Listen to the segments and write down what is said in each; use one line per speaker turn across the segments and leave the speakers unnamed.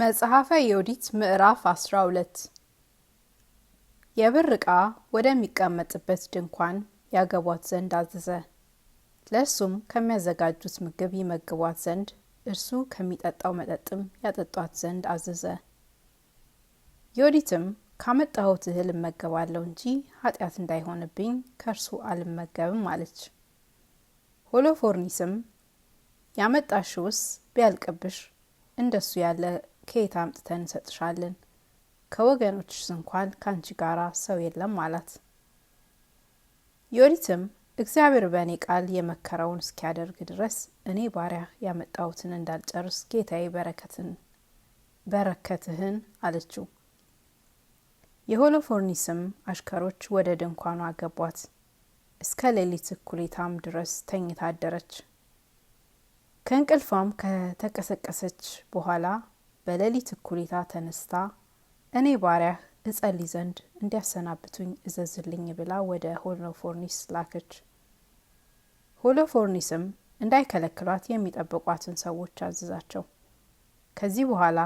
መጽሐፈ ዮዲት ምዕራፍ 12 የብር ዕቃ ወደሚቀመጥበት ድንኳን ያገቧት ዘንድ አዘዘ። ለእርሱም ከሚያዘጋጁት ምግብ ይመግቧት ዘንድ፣ እርሱ ከሚጠጣው መጠጥም ያጠጧት ዘንድ አዘዘ። ዮዲትም ካመጣሁት እህል እመገባለሁ እንጂ ኃጢአት እንዳይሆንብኝ ከእርሱ አልመገብም አለች። ሆሎፎርኒስም ያመጣሽውስ ቢያልቅብሽ እንደሱ ያለ ከየት አምጥተን እንሰጥሻለን? ከወገኖችስ እንኳን ከአንቺ ጋር ሰው የለም አላት። ዮዲትም እግዚአብሔር በእኔ ቃል የመከረውን እስኪያደርግ ድረስ እኔ ባሪያ ያመጣሁትን እንዳልጨርስ ጌታዬ በረከትን በረከትህን አለችው። የሆሎፎርኒስም አሽከሮች ወደ ድንኳኗ አገቧት። እስከ ሌሊት እኩሌታም ድረስ ተኝታ አደረች። ከእንቅልፏም ከተቀሰቀሰች በኋላ በሌሊት እኩሌታ ተነስታ እኔ ባሪያህ እጸልይ ዘንድ እንዲያሰናብቱኝ እዘዝልኝ ብላ ወደ ሆሎፎርኒስ ላከች። ሆሎፎርኒስም እንዳይከለክሏት የሚጠብቋትን ሰዎች አዘዛቸው። ከዚህ በኋላ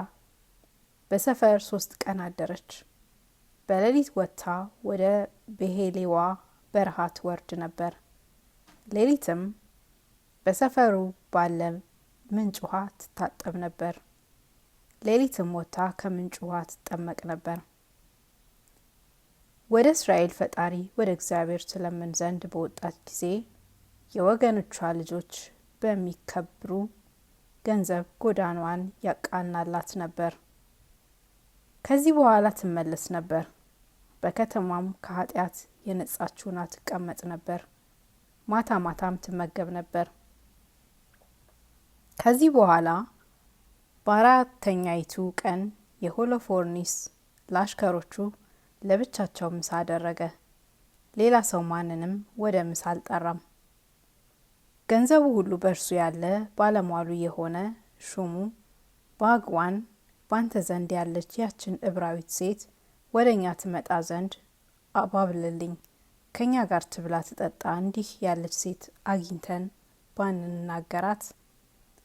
በሰፈር ሶስት ቀን አደረች። በሌሊት ወጥታ ወደ ቤሄሌዋ በረሃ ትወርድ ነበር። ሌሊትም በሰፈሩ ባለ ምንጭ ውሃ ትታጠብ ነበር። ሌሊትም ወጥታ ከምንጭ ውሃ ትጠመቅ ነበር። ወደ እስራኤል ፈጣሪ ወደ እግዚአብሔር ትለምን ዘንድ በወጣት ጊዜ የወገኖቿ ልጆች በሚከብሩ ገንዘብ ጎዳኗን ያቃናላት ነበር። ከዚህ በኋላ ትመለስ ነበር። በከተማም ከኃጢአት የነጻችውና ትቀመጥ ነበር። ማታ ማታም ትመገብ ነበር። ከዚህ በኋላ በአራተኛይቱ ቀን የሆሎፎርኒስ ላሽከሮቹ ለብቻቸው ምሳ አደረገ። ሌላ ሰው ማንንም ወደ ምሳ አልጠራም። ገንዘቡ ሁሉ በእርሱ ያለ ባለሟሉ የሆነ ሹሙ ባግዋን ባንተ ዘንድ ያለች ያችን እብራዊት ሴት ወደ እኛ ትመጣ ዘንድ አባብልልኝ፣ ከእኛ ጋር ትብላ ትጠጣ፣ እንዲህ ያለች ሴት አግኝተን ባንናገራት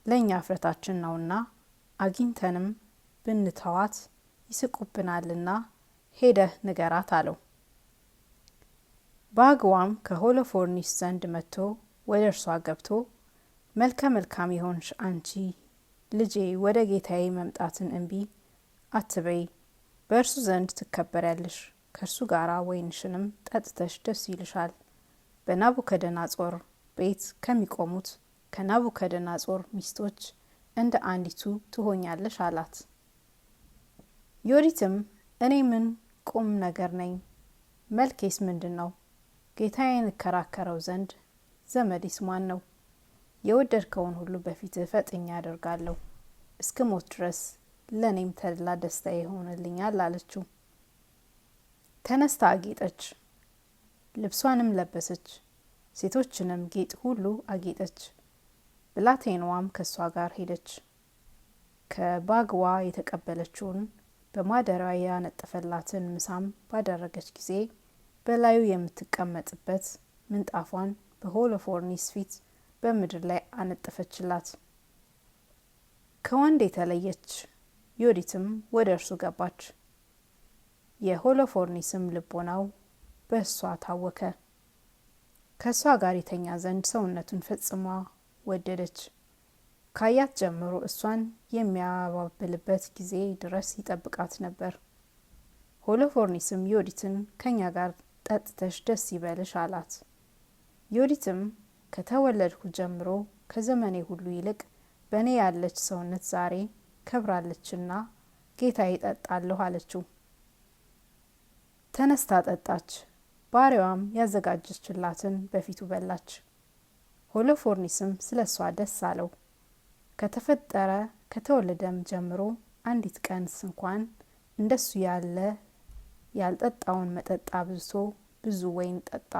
ለእኛ እፍረታችን ነውና አግኝተንም ብንተዋት ይስቁብናልና ሄደህ ንገራት አለው። በአግዋም ከሆሎፎርኒስ ዘንድ መጥቶ ወደ እርሷ ገብቶ መልከ መልካም የሆንሽ አንቺ ልጄ ወደ ጌታዬ መምጣትን እምቢ አትበይ፣ በእርሱ ዘንድ ትከበሪያለሽ፣ ከእርሱ ጋር ወይንሽንም ጠጥተሽ ደስ ይልሻል። በናቡከደናጾር ቤት ከሚቆሙት ከናቡከደናጾር ሚስቶች እንደ አንዲቱ ትሆኛለሽ አላት። ዮዲትም እኔ ምን ቁም ነገር ነኝ? መልኬስ ምንድን ነው? ጌታዬን እከራከረው ዘንድ ዘመዴስ ማን ነው? የወደድከውን ሁሉ በፊት ፈጥኛ አደርጋለሁ እስከ ሞት ድረስ ለእኔም ተድላ ደስታ ይሆንልኛል አለችው። ተነስታ አጌጠች፣ ልብሷንም ለበሰች፣ ሴቶችንም ጌጥ ሁሉ አጌጠች። ብላቴናዋም ከእሷ ጋር ሄደች። ከባግዋ የተቀበለችውን በማደሪያዋ ያነጠፈላትን ምሳም ባደረገች ጊዜ በላዩ የምትቀመጥበት ምንጣፏን በሆሎፎርኒስ ፊት በምድር ላይ አነጠፈችላት። ከወንድ የተለየች ዮዲትም ወደ እርሱ ገባች። የሆሎፎርኒስም ልቦናው በእሷ ታወከ። ከእሷ ጋር የተኛ ዘንድ ሰውነቱን ፈጽሟ ወደደች። ካያት ጀምሮ እሷን የሚያባብልበት ጊዜ ድረስ ይጠብቃት ነበር። ሆሎፎርኒስም ዮዲትን ከኛ ጋር ጠጥተሽ ደስ ይበልሽ አላት። ዮዲትም ከተወለድኩ ጀምሮ ከዘመኔ ሁሉ ይልቅ በእኔ ያለች ሰውነት ዛሬ ከብራለችና ጌታ ይጠጣለሁ አለችው። ተነስታ ጠጣች። ባሪዋም ያዘጋጀችላትን በፊቱ በላች። ሆሎፎርኒስም ስለ እሷ ደስ አለው። ከተፈጠረ ከተወለደም ጀምሮ አንዲት ቀንስ እንኳን እንደሱ ያለ ያልጠጣውን መጠጥ አብዝቶ ብዙ ወይን ጠጣ።